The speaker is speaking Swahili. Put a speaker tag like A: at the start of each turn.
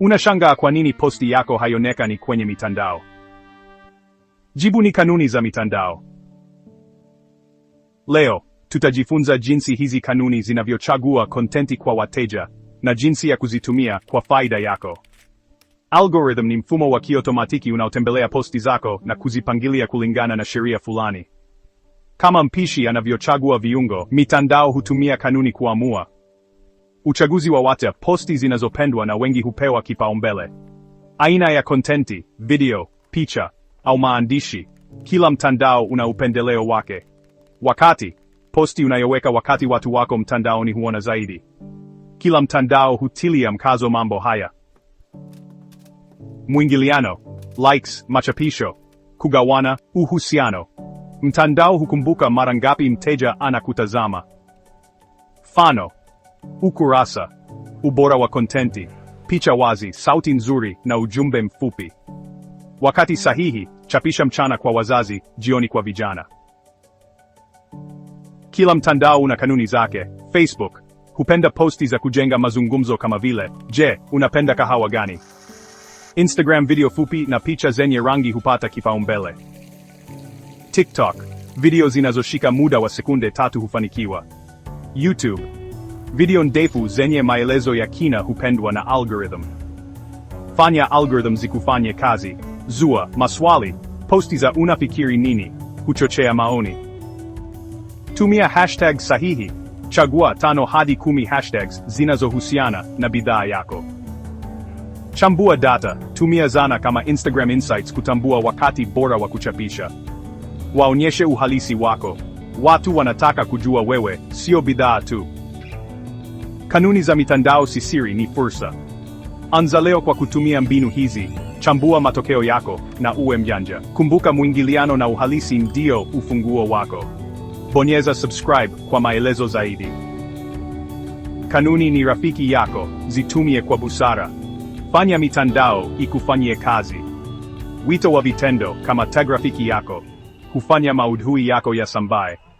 A: Unashangaa kwa nini posti yako haionekani kwenye mitandao? Jibu ni kanuni za mitandao. Leo tutajifunza jinsi hizi kanuni zinavyochagua kontenti kwa wateja na jinsi ya kuzitumia kwa faida yako. Algorithm ni mfumo wa kiotomatiki unaotembelea posti zako na kuzipangilia kulingana na sheria fulani. Kama mpishi anavyochagua viungo, mitandao hutumia kanuni kuamua Uchaguzi wa wate, posti zinazopendwa na wengi hupewa kipaumbele. Aina ya kontenti: video, picha au maandishi. Kila mtandao una upendeleo wake. Wakati: posti unayoweka wakati watu wako mtandaoni huona zaidi. Kila mtandao hutilia mkazo mambo haya. Mwingiliano: likes, machapisho, kugawana, uhusiano. Mtandao hukumbuka mara ngapi mteja anakutazama. Fano: Ukurasa, ubora wa kontenti, picha wazi, sauti nzuri na ujumbe mfupi. Wakati sahihi, chapisha mchana kwa wazazi, jioni kwa vijana. Kila mtandao una kanuni zake. Facebook hupenda posti za kujenga mazungumzo kama vile, je, unapenda kahawa gani? Instagram video fupi na picha zenye rangi hupata kipaumbele. TikTok video zinazoshika muda wa sekunde tatu hufanikiwa. YouTube Video ndefu zenye maelezo ya kina hupendwa na algorithm. Fanya algorithm zikufanye kazi. Zua maswali, posti za unafikiri nini huchochea maoni. Tumia hashtag sahihi, chagua tano hadi kumi hashtags zinazohusiana na bidhaa yako. Chambua data, tumia zana kama Instagram Insights kutambua wakati bora wa kuchapisha. Waonyeshe uhalisi wako. Watu wanataka kujua wewe, sio bidhaa tu. Kanuni za mitandao si siri, ni fursa. Anza leo kwa kutumia mbinu hizi, chambua matokeo yako na uwe mjanja. Kumbuka, mwingiliano na uhalisi ndio ufunguo wako. Bonyeza subscribe kwa maelezo zaidi. Kanuni ni rafiki yako, zitumie kwa busara. Fanya mitandao ikufanyie kazi. Wito wa vitendo kama tag rafiki yako hufanya maudhui yako yasambae.